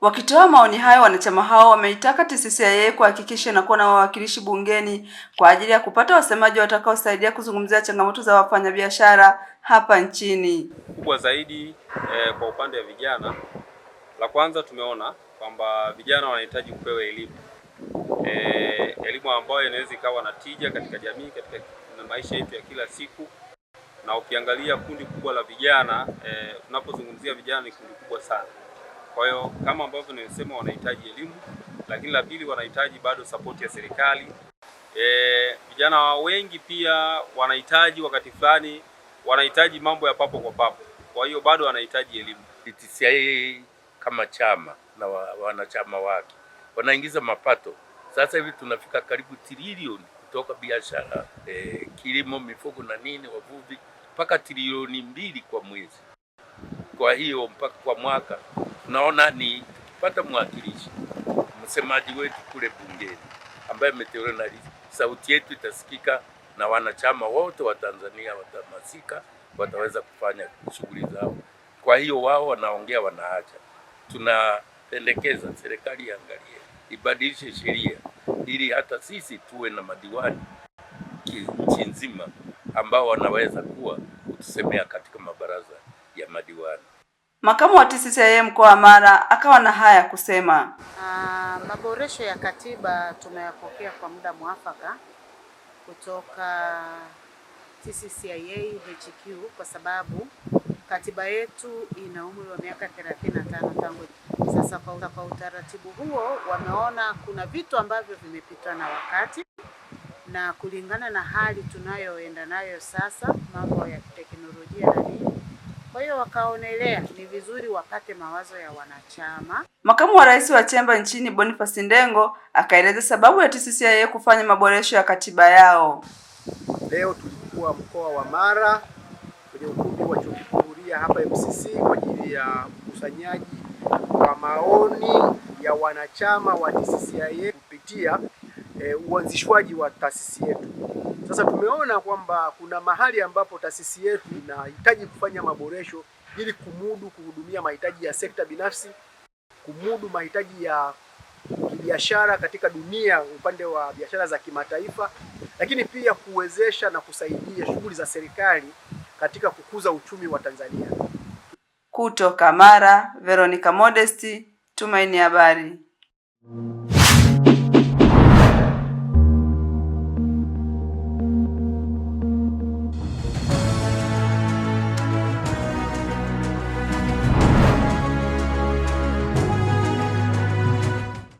Wakitoa maoni hayo, wanachama hao wameitaka TCCIA kuhakikisha inakuwa na wawakilishi bungeni kwa ajili ya kupata wasemaji watakaosaidia kuzungumzia changamoto za wafanyabiashara hapa nchini. Kubwa zaidi eh, kwa upande wa vijana, la kwanza tumeona kwamba vijana wanahitaji kupewa elimu eh, elimu ambayo inaweza ikawa na tija katika jamii, katika maisha yetu ya kila siku na ukiangalia kundi kubwa la vijana eh, unapozungumzia vijana ni kundi kubwa sana. Kwa hiyo kama ambavyo nimesema, wanahitaji elimu, lakini la pili wanahitaji bado sapoti ya serikali. E, vijana wengi pia wanahitaji wakati fulani wanahitaji mambo ya papo kwa papo, kwa hiyo bado wanahitaji elimu. TCCIA kama chama na wanachama wake wanaingiza mapato sasa hivi tunafika karibu trilioni kutoka biashara e, kilimo, mifugo na nini, wavuvi, mpaka trilioni mbili kwa mwezi. Kwa hiyo mpaka kwa mwaka tunaona ni pata mwakilishi msemaji wetu kule bungeni ambaye ameteuliwa na sauti yetu itasikika na wanachama wote wa Tanzania watamasika wataweza kufanya shughuli zao. Kwa hiyo wao wanaongea wanaacha. Tunapendekeza serikali iangalie, ibadilishe sheria ili hata sisi tuwe na madiwani nchi nzima ambao wanaweza kuwa kutusemea katika mabaraza ya madiwani. Makamu wa TCCIA mkoa wa Mara akawa na haya kusema. Uh, maboresho ya katiba tumeyapokea kwa muda mwafaka kutoka TCCIA HQ kwa sababu katiba yetu ina umri wa miaka 35 tangu sasa. Kwa utaratibu huo, wameona kuna vitu ambavyo vimepitwa na wakati na kulingana na hali tunayoenda nayo sasa, mambo ya teknolojia na nini kwa hiyo wakaonelea ni vizuri wapate mawazo ya wanachama. Makamu wa Rais wa Chemba nchini Boniface Ndengo akaeleza sababu ya TCCIA kufanya maboresho ya katiba yao. Leo tulikuwa mkoa wa Mara kwenye ukumbi wa chuo kikuu hapa MCC kwa ajili ya ukusanyaji wa maoni ya wanachama wa TCCIA kupitia e, uanzishwaji wa taasisi yetu. Sasa tumeona kwamba kuna mahali ambapo taasisi yetu inahitaji kufanya maboresho ili kumudu kuhudumia mahitaji ya sekta binafsi, kumudu mahitaji ya kibiashara katika dunia, upande wa biashara za kimataifa, lakini pia kuwezesha na kusaidia shughuli za serikali katika kukuza uchumi wa Tanzania. Kutoka Mara, Veronica Modesti, Tumaini Habari.